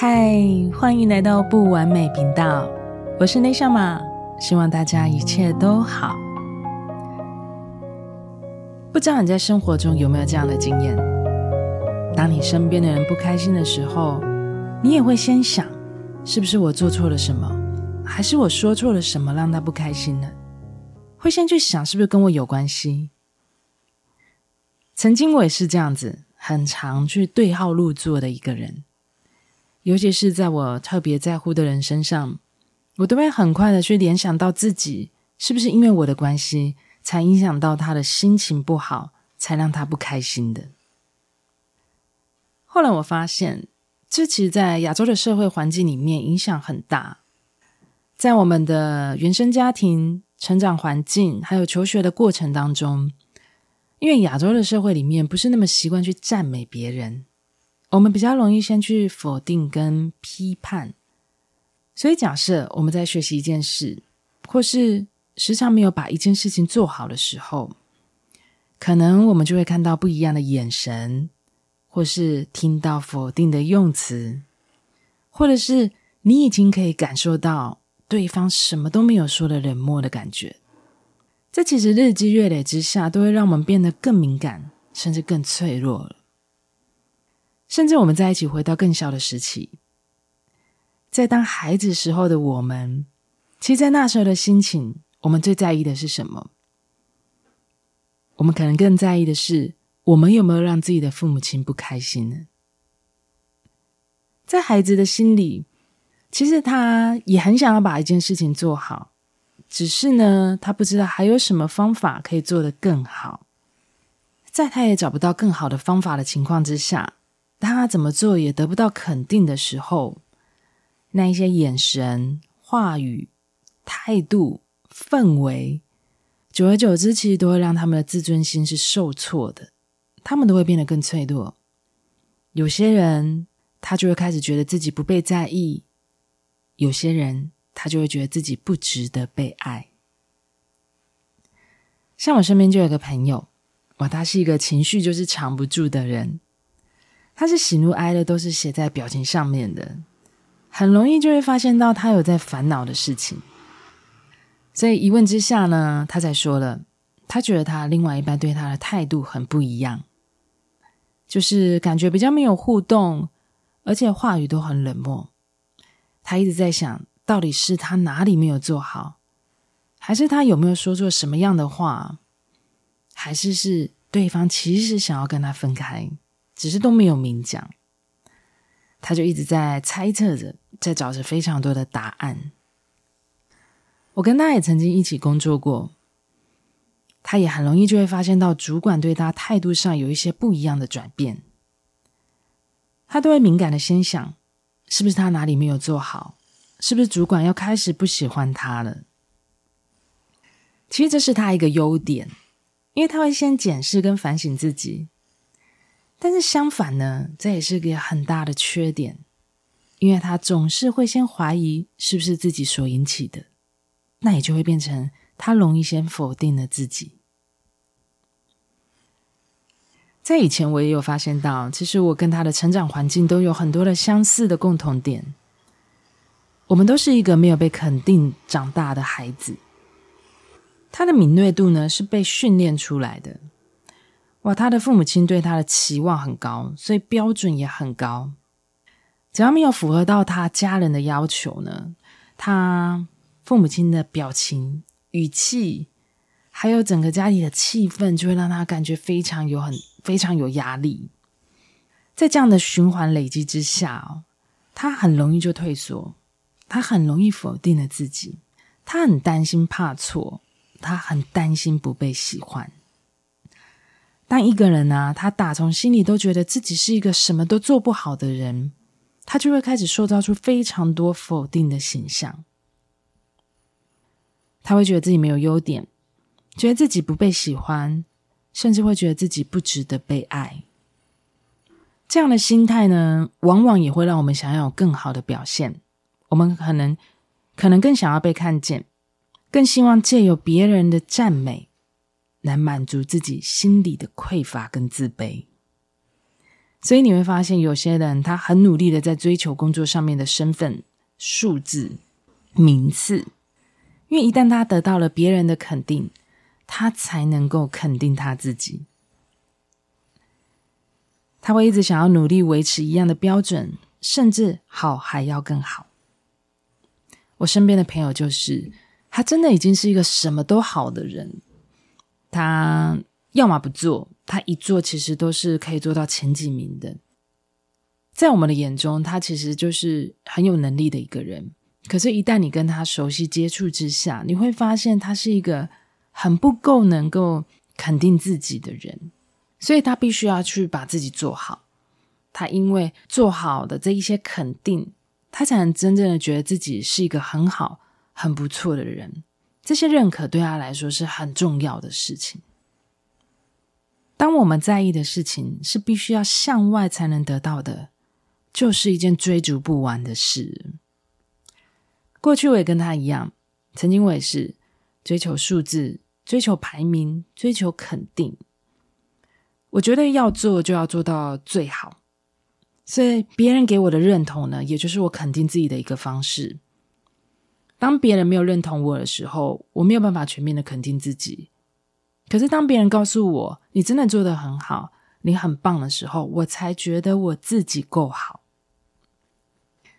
嗨，歡迎來到不完美頻道，我是內夏瑪，希望大家一切都好。不知道你在生活中有沒有這樣的經驗？當你身邊的人不開心的時候，你也會先想，是不是我做錯了什麼，還是我說錯了什麼讓他不開心呢？會先去想是不是跟我有關係？曾經我也是這樣子，很常去對號入座的一個人。尤其是在我特別在乎的人身上，我都會很快的去聯想到自己是不是因為我的關係，才影響到他的心情不好，才讓他不開心的。後來我發現，這其實在亞洲的社會環境裡面影響很大，在我們的原生家庭、成長環境，還有求學的過程當中，因為亞洲的社會裡面不是那麼習慣去讚美別人。我們比較容易先去否定跟批判，所以假設我們在學習一件事，或是時常沒有把一件事情做好的時候，可能我們就會看到不一樣的眼神，或是聽到否定的用詞，或者是你已經可以感受到對方什麼都沒有說的冷漠的感覺。這其實日積月累之下，都會讓我們變得更敏感，甚至更脆弱了。甚至我們在一起回到更小的時期，在當孩子時候的我們，其實，在那時候的心情，我們最在意的是什麼？我們可能更在意的是，我們有沒有讓自己的父母親不開心呢？在孩子的心裡，其實他也很想要把一件事情做好，只是呢，他不知道還有什麼方法可以做得更好。在他也找不到更好的方法的情況之下，當他怎麼做也得不到肯定的時候，那一些眼神、話語、態度、氛圍，久而久之，其實都會讓他們的自尊心是受挫的，他們都會變得更脆弱。有些人他就會開始覺得自己不被在意，有些人他就會覺得自己不值得被愛。像我身邊就有個朋友，哇，他是一個情緒就是藏不住的人。他是喜怒哀樂都是寫在表情上面的，很容易就會發現到他有在煩惱的事情。所以一問之下呢，他才說了，他覺得他另外一半對他的態度很不一樣，就是感覺比較沒有互動，而且話語都很冷漠。他一直在想，到底是他哪裡沒有做好，還是他有沒有說錯什麼樣的話，還是是對方其實想要跟他分開？只是都沒有明講，他就一直在猜測着，在找着非常多的答案。我跟他也曾經一起工作過，他也很容易就會發現到主管對他態度上有一些不一樣的轉變，他都會敏感的先想，是不是他哪裡沒有做好，是不是主管要開始不喜歡他了？其實這是他一個優點，因為他會先檢視跟反省自己。但是相反呢，這也是一個很大的缺點，因為他總是會先懷疑是不是自己所引起的，那也就會變成他容易先否定了自己。在以前我也有發現到，其實我跟他的成長環境都有很多的相似的共同點，我們都是一個沒有被肯定長大的孩子，他的敏銳度呢，是被訓練出來的。哇，他的父母親對他的期望很高，所以標準也很高。只要沒有符合到他家人的要求呢，他父母親的表情、語氣，還有整個家裡的氣氛，就會讓他感覺非常有很，非常有壓力。在這樣的循環累積之下，哦，他很容易就退縮，他很容易否定了自己，他很擔心怕錯，他很擔心不被喜歡。當一個人呢、啊，他打從心裡都覺得自己是一個什麼都做不好的人，他就會開始塑造出非常多否定的形象。他會覺得自己沒有優點，覺得自己不被喜歡，甚至會覺得自己不值得被愛。這樣的心態呢，往往也會讓我們想要有更好的表現。我們可能，可能更想要被看見，更希望借由別人的讚美。來滿足自己心理的匱乏跟自卑，所以你會發現，有些人他很努力的在追求工作上面的身份、數字、名次，因為一旦他得到了別人的肯定，他才能夠肯定他自己。他會一直想要努力維持一樣的標準，甚至好還要更好。我身邊的朋友就是，他真的已經是一個什麼都好的人。他要麼不做，他一做其實都是可以做到前幾名的。在我們的眼中，他其實就是很有能力的一個人。可是，一旦你跟他熟悉接觸之下，你會發現他是一個很不夠能夠肯定自己的人，所以他必須要去把自己做好。他因為做好的這一些肯定，他才能真正的覺得自己是一個很好、很不錯的人。這些認可對他來說是很重要的事情。當我們在意的事情是必須要向外才能得到的，就是一件追逐不完的事。過去我也跟他一樣，曾經我也是追求數字、追求排名、追求肯定。我覺得要做就要做到最好。所以別人給我的認同呢，也就是我肯定自己的一個方式。當別人沒有認同我的時候，我沒有辦法全面的肯定自己。可是當別人告訴我“你真的做得很好，你很棒”的時候，我才覺得我自己夠好。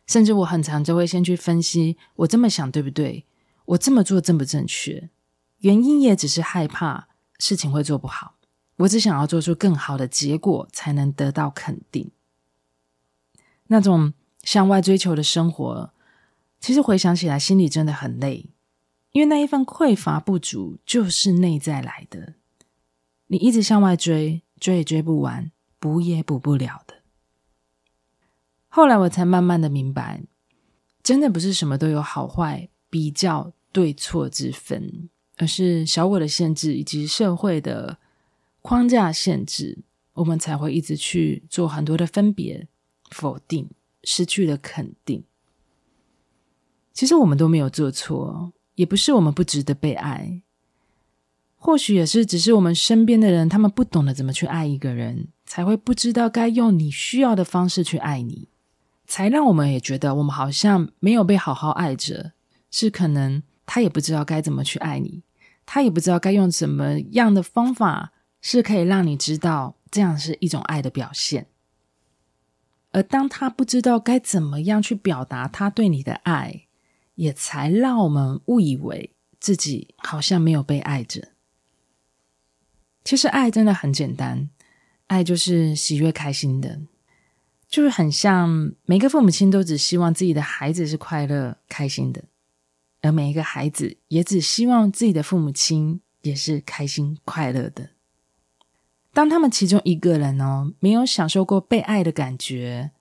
甚至我很常就會先去分析：我這麼想對不對？我這麼做正不正確？原因也只是害怕事情會做不好。我只想要做出更好的結果，才能得到肯定。那種向外追求的生活。其實回想起來，心裡真的很累，因為那一份匱乏不足就是內在來的。你一直向外追，追也追不完，補也補不了的。後來我才慢慢的明白，真的不是什麼都有好壞、比較、對錯之分，而是小我的限制以及社會的框架限制，我們才會一直去做很多的分別、否定、失去了肯定。其實我們都沒有做錯，也不是我們不值得被愛。或許也是只是我們身邊的人，他們不懂得怎麼去愛一個人，才會不知道該用你需要的方式去愛你，才讓我們也覺得我們好像沒有被好好愛着。是可能他也不知道該怎麼去愛你，他也不知道該用什麼樣的方法是可以讓你知道這樣是一種愛的表現。而當他不知道該怎麼樣去表達他對你的愛，也才讓我們誤以為自己好像沒有被愛着。其實愛真的很簡單，愛就是喜悅、開心的，就是很像每個父母親都只希望自己的孩子是快樂、開心的，而每一個孩子也只希望自己的父母親也是開心、快樂的。當他們其中一個人哦，沒有享受過被愛的感覺。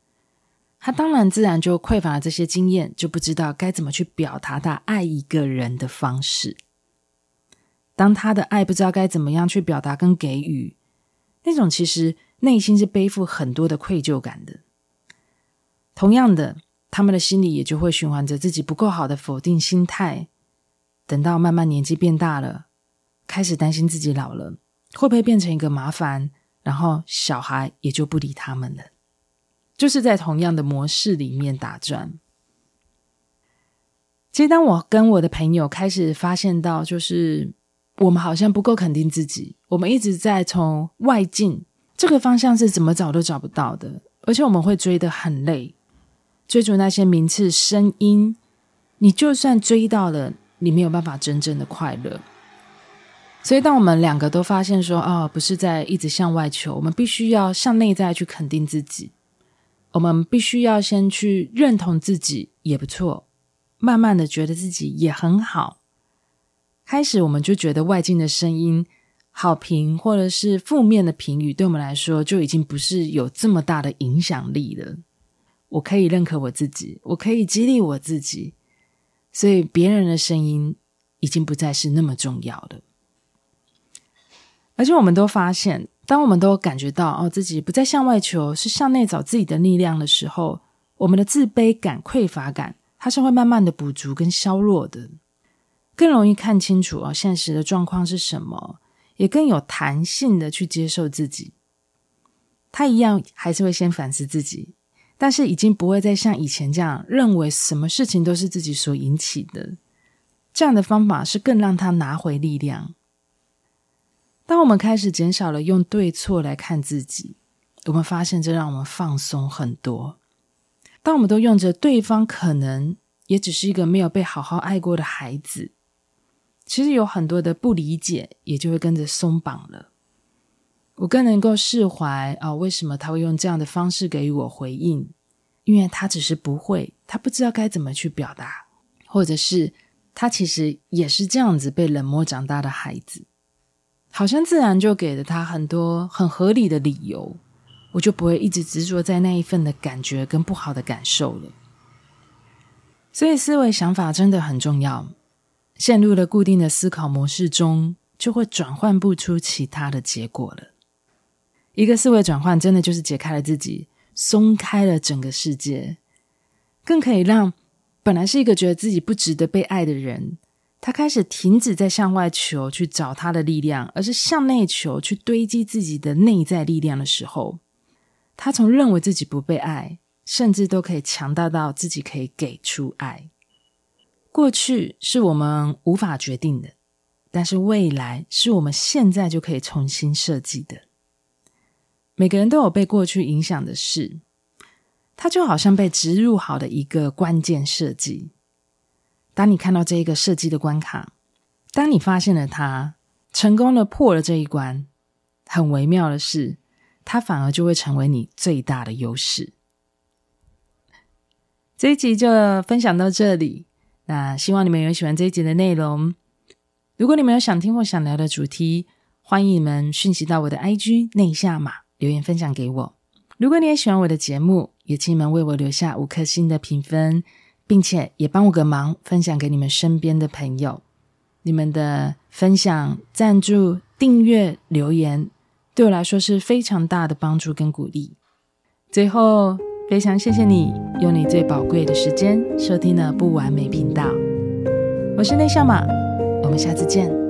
他當然自然就匱乏了這些經驗，就不知道該怎麼去表達他愛一個人的方式。當他的愛不知道該怎麼樣去表達跟給予，那種其實內心是背負很多的愧疚感的。同樣的，他們的心裡也就會循環着自己不夠好的否定心態，等到慢慢年紀變大了，開始擔心自己老了，會不會變成一個麻煩，然後小孩也就不理他們了。就是在同樣的模式裡面打轉。其實，當我跟我的朋友開始發現到，就是我們好像不夠肯定自己，我們一直在從外境這個方向，是怎麼找都找不到的，而且我們會追得很累，追逐那些名次、聲音。你就算追到了，你沒有辦法真正的快樂。所以，當我們兩個都發現說，哦，不是在一直向外求，我們必須要向內在去肯定自己。我們必須要先去認同自己也不錯，慢慢的覺得自己也很好。開始我們就覺得外界的聲音，好評或者是負面的評語，對我們來說就已經不是有這麼大的影響力了。我可以認可我自己，我可以激勵我自己，所以別人的聲音已經不再是那麼重要了。而且我們都發現，當我們都感覺到哦，自己不再向外求，是向內找自己的力量的時候，我們的自卑感、匱乏感，它是會慢慢的補足跟削弱的，更容易看清楚哦，現實的狀況是什麼，也更有彈性的去接受自己。他一樣還是會先反思自己，但是已經不會再像以前這樣認為什麼事情都是自己所引起的。這樣的方法是更讓他拿回力量。當我們開始減少了用對錯來看自己，我們發現這讓我們放鬆很多。當我們都用着對方可能也只是一個沒有被好好愛過的孩子，其實有很多的不理解也就會跟着鬆綁了。我更能夠釋懷啊、哦，為什麼他會用這樣的方式給予我回應？因為他只是不會，他不知道該怎麼去表達，或者是他其實也是這樣子被冷漠長大的孩子。好像自然就給了他很多很合理的理由，我就不會一直執着在那一份的感覺跟不好的感受了。所以思維想法真的很重要，陷入了固定的思考模式中，就會轉換不出其他的結果了。一個思維轉換真的就是解開了自己，鬆開了整個世界，更可以讓本來是一個覺得自己不值得被愛的人。他開始停止在向外求去找他的力量，而是向內求去堆積自己的內在力量的時候，他從認為自己不被愛，甚至都可以強大到自己可以給出愛。過去是我們無法決定的，但是未來是我們現在就可以重新設計的。每個人都有被過去影響的事，他就好像被植入好的一個關鍵設計。當你看到這一個設計的關卡，當你發現了它，成功的破了這一關，很微妙的是，它反而就會成為你最大的優勢。這一集就分享到這裡，那希望你們有喜歡這一集的內容。如果你們有想聽或想聊的主題，歡迎你們訊息到我的 IG 內夏瑪留言分享給我。如果你也喜歡我的節目，也請你們為我留下五顆星的評分。並且也幫我個忙，分享給你們身邊的朋友。你們的分享、贊助、訂閱、留言，對我來說是非常大的幫助跟鼓勵。最後，非常謝謝你用你最寶貴的時間收聽了不完美頻道。我是內夏瑪，我們下次見。